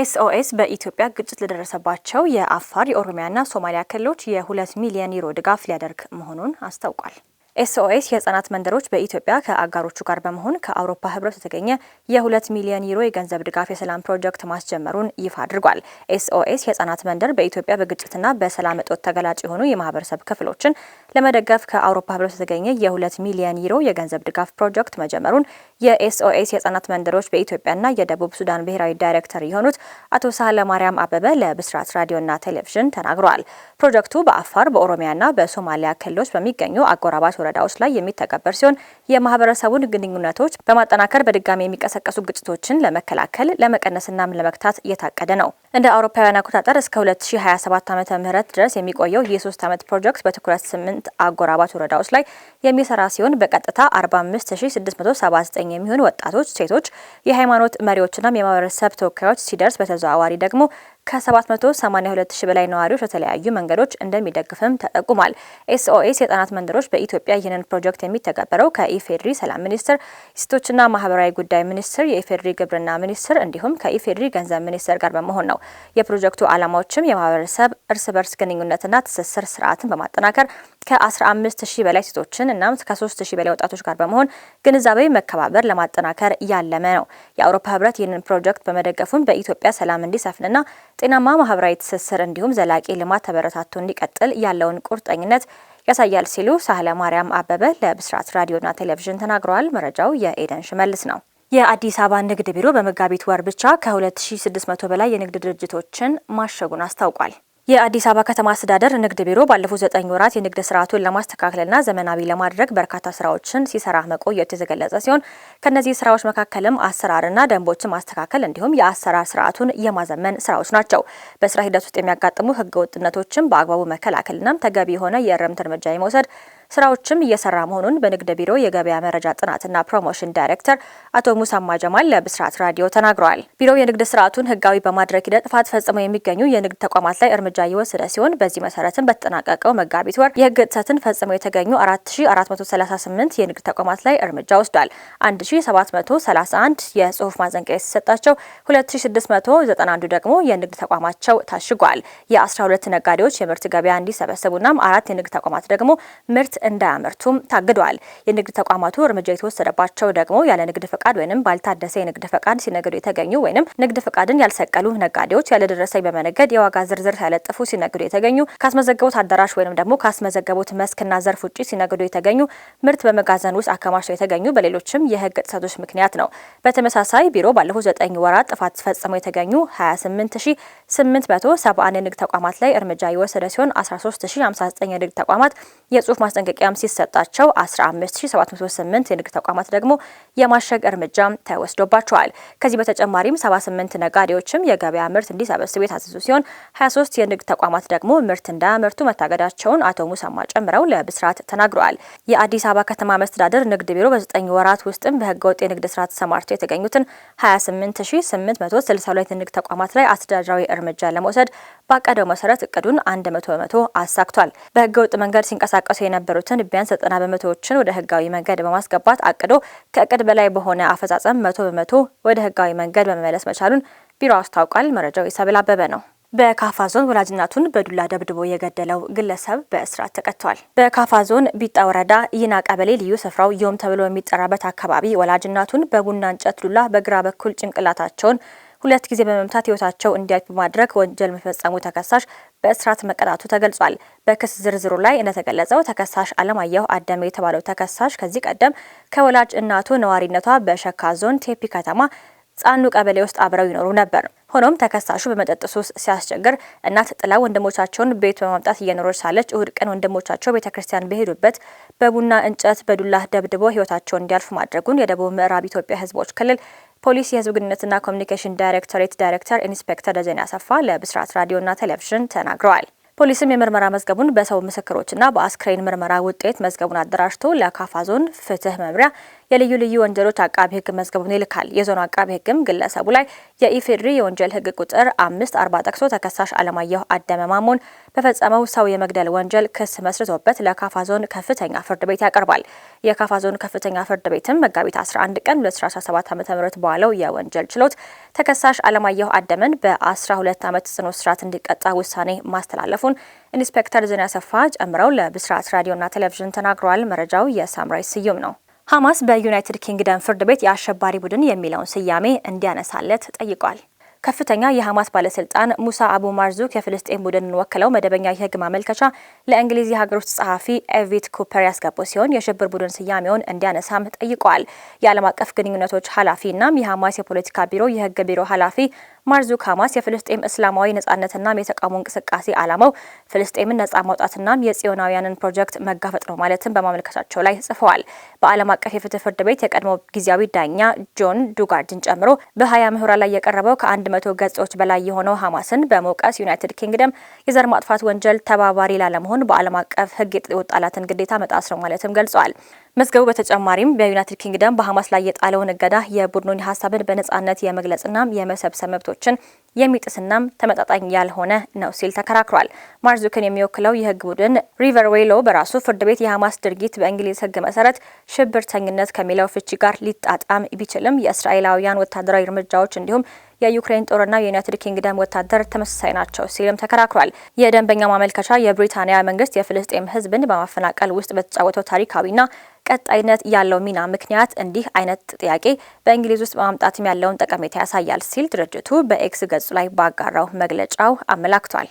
ኤስኦኤስ በኢትዮጵያ ግጭት ለደረሰባቸው የአፋር የኦሮሚያና ሶማሊያ ክልሎች የሁለት ሚሊዮን ዩሮ ድጋፍ ሊያደርግ መሆኑን አስታውቋል። ኤስኦኤስ የህጻናት መንደሮች በኢትዮጵያ ከአጋሮቹ ጋር በመሆን ከአውሮፓ ህብረት የተገኘ የሁለት ሚሊዮን ዩሮ የገንዘብ ድጋፍ የሰላም ፕሮጀክት ማስጀመሩን ይፋ አድርጓል። ኤስኦኤስ የህጻናት መንደር በኢትዮጵያ በግጭትና በሰላም እጦት ተገላጭ የሆኑ የማህበረሰብ ክፍሎችን ለመደገፍ ከአውሮፓ ህብረት የተገኘ የሁለት ሚሊዮን ዩሮ የገንዘብ ድጋፍ ፕሮጀክት መጀመሩን የኤስኦኤስ የህጻናት መንደሮች በኢትዮጵያና የደቡብ ሱዳን ብሔራዊ ዳይሬክተር የሆኑት አቶ ሳህለ ማርያም አበበ ለብስራት ራዲዮና ቴሌቪዥን ተናግረዋል። ፕሮጀክቱ በአፋር በኦሮሚያና በሶማሊያ ክልሎች በሚገኙ አጎራባች ወረዳዎች ላይ የሚተገበር ሲሆን የማህበረሰቡን ግንኙነቶች በማጠናከር በድጋሚ የሚቀሰቀሱ ግጭቶችን ለመከላከል ለመቀነስና ለመግታት እየታቀደ ነው። እንደ አውሮፓውያን አቆጣጠር እስከ 2027 ዓ ም ድረስ የሚቆየው የሶስት ዓመት ፕሮጀክት በትኩረት ስምንት አጎራባት ወረዳዎች ላይ የሚሰራ ሲሆን በቀጥታ 45679 የሚሆኑ ወጣቶች፣ ሴቶች፣ የሃይማኖት መሪዎችና የማህበረሰብ ተወካዮች ሲደርስ በተዘዋዋሪ ደግሞ ከ782 ሺህ በላይ ነዋሪዎች በተለያዩ መንገዶች እንደሚደግፍም ተጠቁሟል። ኤስኦኤስ የህጻናት መንደሮች በኢትዮጵያ ይህንን ፕሮጀክት የሚተገበረው ከኢፌድሪ ሰላም ሚኒስቴር፣ የሴቶችና ማህበራዊ ጉዳይ ሚኒስቴር፣ የኢፌድሪ ግብርና ሚኒስቴር እንዲሁም ከኢፌድሪ ገንዘብ ሚኒስቴር ጋር በመሆን ነው። የፕሮጀክቱ ዓላማዎችም የማህበረሰብ እርስ በርስ ግንኙነትና ትስስር ስርዓትን በማጠናከር ከ15 ሺህ በላይ ሴቶችን እናም ከ3 ሺህ በላይ ወጣቶች ጋር በመሆን ግንዛቤ መከባበር ለማጠናከር ያለመ ነው። የአውሮፓ ህብረት ይህንን ፕሮጀክት በመደገፉም በኢትዮጵያ ሰላም እንዲሰፍንና ጤናማ ማህበራዊ ትስስር እንዲሁም ዘላቂ ልማት ተበረታቶ እንዲቀጥል ያለውን ቁርጠኝነት ያሳያል ሲሉ ሳህለ ማርያም አበበ ለብስራት ራዲዮና ቴሌቪዥን ተናግረዋል። መረጃው የኤደን ሽመልስ ነው። የአዲስ አበባ ንግድ ቢሮ በመጋቢት ወር ብቻ ከ2600 በላይ የንግድ ድርጅቶችን ማሸጉን አስታውቋል። የአዲስ አበባ ከተማ አስተዳደር ንግድ ቢሮ ባለፉት ዘጠኝ ወራት የንግድ ስርዓቱን ለማስተካከልና ዘመናዊ ለማድረግ በርካታ ስራዎችን ሲሰራ መቆየቱ የተገለጸ ሲሆን ከእነዚህ ስራዎች መካከልም አሰራርና ደንቦችን ማስተካከል እንዲሁም የአሰራር ስርዓቱን የማዘመን ስራዎች ናቸው። በስራ ሂደት ውስጥ የሚያጋጥሙ ህገ ወጥነቶችን በአግባቡ መከላከልናም ተገቢ የሆነ የእርምት እርምጃ የመውሰድ ስራዎችም እየሰራ መሆኑን በንግድ ቢሮ የገበያ መረጃ ጥናትና ፕሮሞሽን ዳይሬክተር አቶ ሙሳማ ጀማል ለብስራት ራዲዮ ተናግረዋል። ቢሮው የንግድ ስርዓቱን ህጋዊ በማድረግ ሂደት ጥፋት ፈጽመው የሚገኙ የንግድ ተቋማት ላይ እርምጃ እየወሰደ ሲሆን በዚህ መሰረትም በተጠናቀቀው መጋቢት ወር የህግ ጥሰትን ፈጽመው የተገኙ 4438 የንግድ ተቋማት ላይ እርምጃ ወስዷል። 1731 የጽሁፍ ማዘንቀያ የተሰጣቸው፣ 2691 ደግሞ የንግድ ተቋማቸው ታሽጓል። የ12 ነጋዴዎች የምርት ገበያ እንዲሰበሰቡናም አራት የንግድ ተቋማት ደግሞ ምርት እንዳያመርቱም ታግደዋል። የንግድ ተቋማቱ እርምጃ የተወሰደባቸው ደግሞ ያለ ንግድ ፈቃድ ወይም ባልታደሰ የንግድ ፈቃድ ሲነግዱ የተገኙ ወይም ንግድ ፈቃድን ያልሰቀሉ ነጋዴዎች ያለደረሰኝ በመነገድ የዋጋ ዝርዝር ሳይለጥፉ ሲነግዱ የተገኙ ካስመዘገቡት አዳራሽ ወይም ደግሞ ካስመዘገቡት መስክና ዘርፍ ውጭ ሲነግዱ የተገኙ ምርት በመጋዘን ውስጥ አከማችተው የተገኙ በሌሎችም የህግ ጥሰቶች ምክንያት ነው። በተመሳሳይ ቢሮ ባለፉት ዘጠኝ ወራት ጥፋት ፈጽመው የተገኙ 28871 የንግድ ተቋማት ላይ እርምጃ የወሰደ ሲሆን 13059 የንግድ ተቋማት የጽሁፍ ማስጠንቀ ማስጠንቀቂያም ሲሰጣቸው 15708 የንግድ ተቋማት ደግሞ የማሸግ እርምጃም ተወስዶባቸዋል። ከዚህ በተጨማሪም 78 ነጋዴዎችም የገበያ ምርት እንዲሰበስቡ የታዘዙ ሲሆን 23 የንግድ ተቋማት ደግሞ ምርት እንዳያመርቱ መታገዳቸውን አቶ ሙሰማ ጨምረው ለብስራት ተናግረዋል። የአዲስ አበባ ከተማ መስተዳደር ንግድ ቢሮ በዘጠኝ ወራት ውስጥም በህገወጥ የንግድ ስራ ተሰማርተው የተገኙትን 28862 የንግድ ተቋማት ላይ አስተዳደራዊ እርምጃ ለመውሰድ ባቀደው መሰረት እቅዱን 100 በመቶ አሳክቷል። በህገወጥ መንገድ ሲንቀሳቀሱ የነበሩ የነበሩትን ቢያንስ ዘጠና በመቶዎችን ወደ ህጋዊ መንገድ በማስገባት አቅዶ ከእቅድ በላይ በሆነ አፈጻጸም መቶ በመቶ ወደ ህጋዊ መንገድ በመመለስ መቻሉን ቢሮ አስታውቋል። መረጃው ኢሳቤል አበበ ነው። በካፋ ዞን ወላጅናቱን በዱላ ደብድቦ የገደለው ግለሰብ በእስራት ተቀጥቷል። በካፋ ዞን ቢጣ ወረዳ ይና ቀበሌ ልዩ ስፍራው ዮም ተብሎ የሚጠራበት አካባቢ ወላጅናቱን በቡና እንጨት ዱላ በግራ በኩል ጭንቅላታቸውን ሁለት ጊዜ በመምታት ህይወታቸው እንዲያልፍ በማድረግ ወንጀል መፈጸሙ ተከሳሽ በእስራት መቀጣቱ ተገልጿል። በክስ ዝርዝሩ ላይ እንደተገለጸው ተከሳሽ አለማየሁ አደመ የተባለው ተከሳሽ ከዚህ ቀደም ከወላጅ እናቱ ነዋሪነቷ በሸካ ዞን ቴፒ ከተማ ጻኑ ቀበሌ ውስጥ አብረው ይኖሩ ነበር። ሆኖም ተከሳሹ በመጠጥ ሱስ ሲያስቸግር እናት ጥላ ወንድሞቻቸውን ቤት በማምጣት እየኖረች ሳለች እሁድ ቀን ወንድሞቻቸው ቤተ ክርስቲያን በሄዱበት በቡና እንጨት በዱላ ደብድቦ ህይወታቸውን እንዲያልፍ ማድረጉን የደቡብ ምዕራብ ኢትዮጵያ ህዝቦች ክልል ፖሊስ የህዝብ ግንኙነትና ኮሚኒኬሽን ዳይሬክቶሬት ዳይሬክተር ኢንስፔክተር ደጀኔ አሰፋ ለብስራት ራዲዮና ቴሌቪዥን ተናግረዋል። ፖሊስም የምርመራ መዝገቡን በሰው ምስክሮችና በአስክሬን ምርመራ ውጤት መዝገቡን አደራጅቶ ለካፋ ዞን ፍትህ መምሪያ የልዩ ልዩ ወንጀሎች አቃቢ ህግ መዝገቡን ይልካል። የዞኑ አቃቢ ህግም ግለሰቡ ላይ የኢፌድሪ የወንጀል ህግ ቁጥር አምስት አርባ ጠቅሶ ተከሳሽ አለማየሁ አደመ ማሞን በፈጸመው ሰው የመግደል ወንጀል ክስ መስርቶበት ለካፋ ዞን ከፍተኛ ፍርድ ቤት ያቀርባል። የካፋ ዞን ከፍተኛ ፍርድ ቤትም መጋቢት 11 ቀን 2017 ዓ.ም በዋለው የወንጀል ችሎት ተከሳሽ አለማየሁ አደመን በ12 ዓመት ጽኑ እስራት እንዲቀጣ ውሳኔ ማስተላለፉን ኢንስፔክተር ዝና ሰፋ ጨምረው ለብስራት ራዲዮና ቴሌቪዥን ተናግረዋል። መረጃው የሳምራይ ስዩም ነው። ሐማስ በዩናይትድ ኪንግደም ፍርድ ቤት የአሸባሪ ቡድን የሚለውን ስያሜ እንዲያነሳለት ጠይቋል። ከፍተኛ የሐማስ ባለስልጣን ሙሳ አቡ ማርዙክ የፍልስጤን ቡድንን ወክለው መደበኛ የህግ ማመልከቻ ለእንግሊዝ የሀገር ውስጥ ጸሐፊ ኤቪት ኩፐር ያስገቡ ሲሆን የሽብር ቡድን ስያሜውን እንዲያነሳም ጠይቋል። የዓለም አቀፍ ግንኙነቶች ኃላፊ እናም የሐማስ የፖለቲካ ቢሮ የህግ ቢሮ ኃላፊ ማርዙክ ሀማስ የፍልስጤም እስላማዊ ነጻነትናም የተቃውሞ እንቅስቃሴ አላማው ፍልስጤምን ነጻ ማውጣትናም የጽዮናውያንን ፕሮጀክት መጋፈጥ ነው ማለትም በማመልከቻቸው ላይ ጽፈዋል። በዓለም አቀፍ የፍትህ ፍርድ ቤት የቀድሞ ጊዜያዊ ዳኛ ጆን ዱጋርድን ጨምሮ በሀያ ምሁራን ላይ የቀረበው ከአንድ መቶ ገጾች በላይ የሆነው ሀማስን በመውቀስ ዩናይትድ ኪንግደም የዘር ማጥፋት ወንጀል ተባባሪ ላለመሆን በዓለም አቀፍ ህግ የተወጣላትን ግዴታ መጣስ ነው ማለትም ገልጿል። መዝገቡ በተጨማሪም በዩናይትድ ኪንግደም በሐማስ ላይ የጣለውን እገዳ የቡድኑን ሀሳብን በነጻነት የመግለጽና የመሰብሰብ መብቶችን የሚጥስናም ተመጣጣኝ ያልሆነ ነው ሲል ተከራክሯል። ማርዙክን የሚወክለው የህግ ቡድን ሪቨር ዌሎ በራሱ ፍርድ ቤት የሐማስ ድርጊት በእንግሊዝ ህግ መሰረት ሽብርተኝነት ከሚለው ፍቺ ጋር ሊጣጣም ቢችልም የእስራኤላውያን ወታደራዊ እርምጃዎች እንዲሁም የዩክሬን ጦርና የዩናይትድ ኪንግደም ወታደር ተመሳሳይ ናቸው ሲልም ተከራክሯል። የደንበኛ ማመልከቻ የብሪታንያ መንግስት የፍልስጤም ህዝብን በማፈናቀል ውስጥ በተጫወተው ታሪካዊና ቀጣይነት ያለው ሚና ምክንያት እንዲህ አይነት ጥያቄ በእንግሊዝ ውስጥ በማምጣትም ያለውን ጠቀሜታ ያሳያል ሲል ድርጅቱ በኤክስ ገጹ ላይ ባጋራው መግለጫው አመላክቷል።